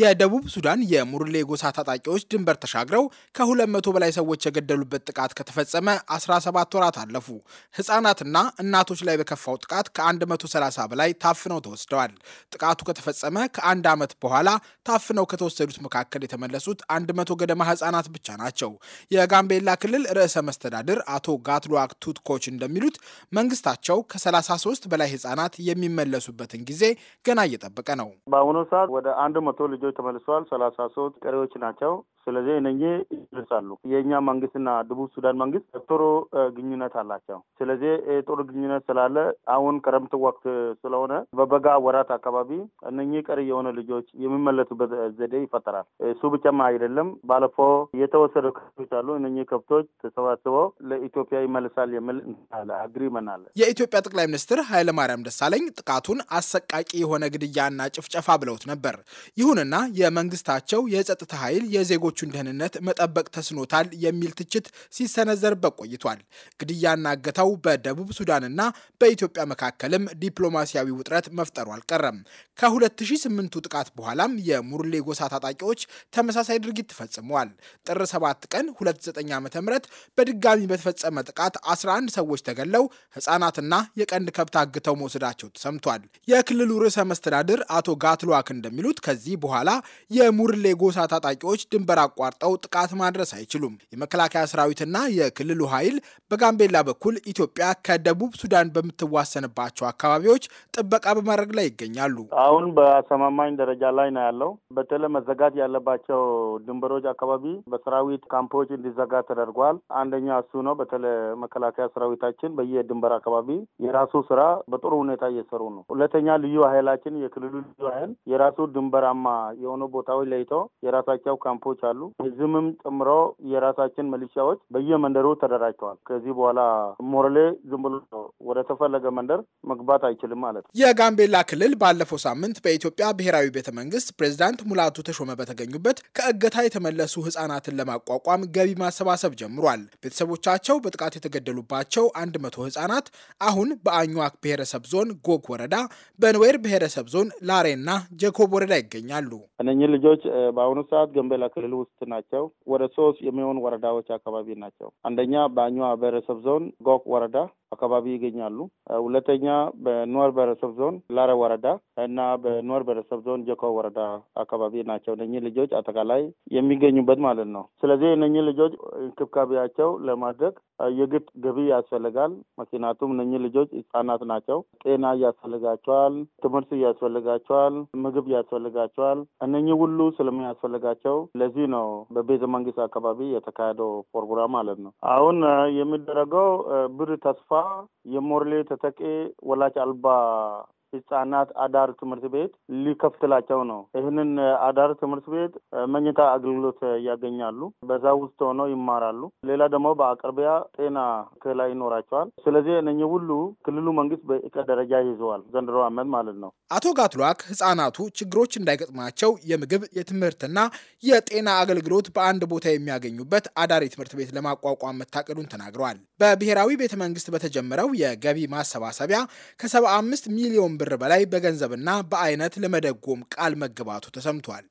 የደቡብ ሱዳን የሙርሌ ጎሳ ታጣቂዎች ድንበር ተሻግረው ከ200 በላይ ሰዎች የገደሉበት ጥቃት ከተፈጸመ 17 ወራት አለፉ። ህጻናትና እናቶች ላይ በከፋው ጥቃት ከ130 በላይ ታፍነው ተወስደዋል። ጥቃቱ ከተፈጸመ ከአንድ ዓመት በኋላ ታፍነው ከተወሰዱት መካከል የተመለሱት 100 ገደማ ህጻናት ብቻ ናቸው። የጋምቤላ ክልል ርዕሰ መስተዳድር አቶ ጋትሉዋክ ቱትኮች እንደሚሉት መንግስታቸው ከ33 በላይ ህጻናት የሚመለሱበትን ጊዜ ገና እየጠበቀ ነው። በአሁኑ ሰዓት ወደ 100 ልጆች ተመልሰዋል። ሰላሳ ሶስት ቀሪዎች ናቸው። ስለዚህ እነኚህ ይደርሳሉ። የእኛ መንግስትና ደቡብ ሱዳን መንግስት ጥሩ ግንኙነት አላቸው። ስለዚህ ጥሩ ግንኙነት ስላለ አሁን ክረምት ወቅት ስለሆነ በበጋ ወራት አካባቢ እነኚህ ቀሪ የሆነ ልጆች የሚመለሱበት ዘዴ ይፈጠራል። እሱ ብቻማ አይደለም። ባለፈው የተወሰዱ ከብቶች አሉ። እነኚህ ከብቶች ተሰባስበው ለኢትዮጵያ ይመልሳል የሚል አግሪመን አለ። የኢትዮጵያ ጠቅላይ ሚኒስትር ኃይለማርያም ደሳለኝ ጥቃቱን አሰቃቂ የሆነ ግድያና ጭፍጨፋ ብለውት ነበር። ይሁንና የመንግስታቸው የጸጥታ ኃይል የዜጎ የዜጎቹን ደህንነት መጠበቅ ተስኖታል የሚል ትችት ሲሰነዘርበት ቆይቷል። ግድያና እገታው በደቡብ ሱዳንና በኢትዮጵያ መካከልም ዲፕሎማሲያዊ ውጥረት መፍጠሩ አልቀረም። ከ2008ቱ ጥቃት በኋላም የሙርሌ ጎሳ ታጣቂዎች ተመሳሳይ ድርጊት ፈጽመዋል። ጥር 7 ቀን 29 ዓ ም በድጋሚ በተፈጸመ ጥቃት 11 ሰዎች ተገለው ህጻናትና የቀንድ ከብት አግተው መውሰዳቸው ተሰምቷል። የክልሉ ርዕሰ መስተዳድር አቶ ጋትሉዋክ እንደሚሉት ከዚህ በኋላ የሙርሌ ጎሳ ታጣቂዎች ድንበር አቋርጠው ጥቃት ማድረስ አይችሉም። የመከላከያ ሰራዊትና የክልሉ ኃይል በጋምቤላ በኩል ኢትዮጵያ ከደቡብ ሱዳን በምትዋሰንባቸው አካባቢዎች ጥበቃ በማድረግ ላይ ይገኛሉ። አሁን በአሰማማኝ ደረጃ ላይ ነው ያለው። በተለይ መዘጋት ያለባቸው ድንበሮች አካባቢ በሰራዊት ካምፖች እንዲዘጋ ተደርጓል። አንደኛ እሱ ነው። በተለይ መከላከያ ሰራዊታችን በየድንበር አካባቢ የራሱ ስራ በጥሩ ሁኔታ እየሰሩ ነው። ሁለተኛ ልዩ ኃይላችን የክልሉ ልዩ ኃይል የራሱ ድንበራማ የሆኑ ቦታዎች ለይተው የራሳቸው ካምፖች ይችላሉ። ህዝብም ጨምሮ የራሳችን ሚሊሻዎች በየመንደሩ ተደራጅተዋል። ከዚህ በኋላ ሞረሌ ዝም ብሎ ወደ ተፈለገ መንደር መግባት አይችልም ማለት ነው። የጋምቤላ ክልል ባለፈው ሳምንት በኢትዮጵያ ብሔራዊ ቤተ መንግስት ፕሬዚዳንት ሙላቱ ተሾመ በተገኙበት ከእገታ የተመለሱ ህጻናትን ለማቋቋም ገቢ ማሰባሰብ ጀምሯል። ቤተሰቦቻቸው በጥቃት የተገደሉባቸው አንድ መቶ ህጻናት አሁን በአኟዋክ ብሔረሰብ ዞን ጎግ ወረዳ፣ በንዌር ብሔረሰብ ዞን ላሬና ጀኮብ ወረዳ ይገኛሉ። እነኚህ ልጆች በአሁኑ ሰዓት ጋምቤላ ክልል ውስጥ ናቸው። ወደ ሶስት የሚሆኑ ወረዳዎች አካባቢ ናቸው። አንደኛ በአኙዋ ብሔረሰብ ዞን ጎክ ወረዳ አካባቢ ይገኛሉ። ሁለተኛ በኑዌር ብሔረሰብ ዞን ላረ ወረዳ እና በኑዌር ብሔረሰብ ዞን ጀኮ ወረዳ አካባቢ ናቸው እነኚህ ልጆች አጠቃላይ የሚገኙበት ማለት ነው። ስለዚህ እነኚህ ልጆች እንክብካቤያቸው ለማድረግ የግድ ገቢ ያስፈልጋል። ምክንያቱም እነኚህ ልጆች ህጻናት ናቸው። ጤና ያስፈልጋቸዋል፣ ትምህርት ያስፈልጋቸዋል፣ ምግብ ያስፈልጋቸዋል። እነኚህ ሁሉ ስለሚያስፈልጋቸው ለዚህ ነው በቤተ መንግስት አካባቢ የተካሄደው ፕሮግራም ማለት ነው። አሁን የሚደረገው ብር ተስፋ የሞርሌ ተጠቂ ወላጅ አልባ ህጻናት አዳር ትምህርት ቤት ሊከፍትላቸው ነው። ይህንን አዳር ትምህርት ቤት መኝታ አገልግሎት ያገኛሉ። በዛ ውስጥ ሆነው ይማራሉ። ሌላ ደግሞ በአቅርቢያ ጤና ክላ ይኖራቸዋል። ስለዚህ እነኚህ ሁሉ ክልሉ መንግስት በእቅድ ደረጃ ይዘዋል፣ ዘንድሮ አመት ማለት ነው። አቶ ጋትሏክ ህጻናቱ ችግሮች እንዳይገጥማቸው የምግብ የትምህርትና የጤና አገልግሎት በአንድ ቦታ የሚያገኙበት አዳሪ ትምህርት ቤት ለማቋቋም መታቀዱን ተናግረዋል። በብሔራዊ ቤተ መንግስት በተጀመረው የገቢ ማሰባሰቢያ ከ75 ሚሊዮን ብር በላይ በገንዘብና በአይነት ለመደጎም ቃል መግባቱ ተሰምቷል።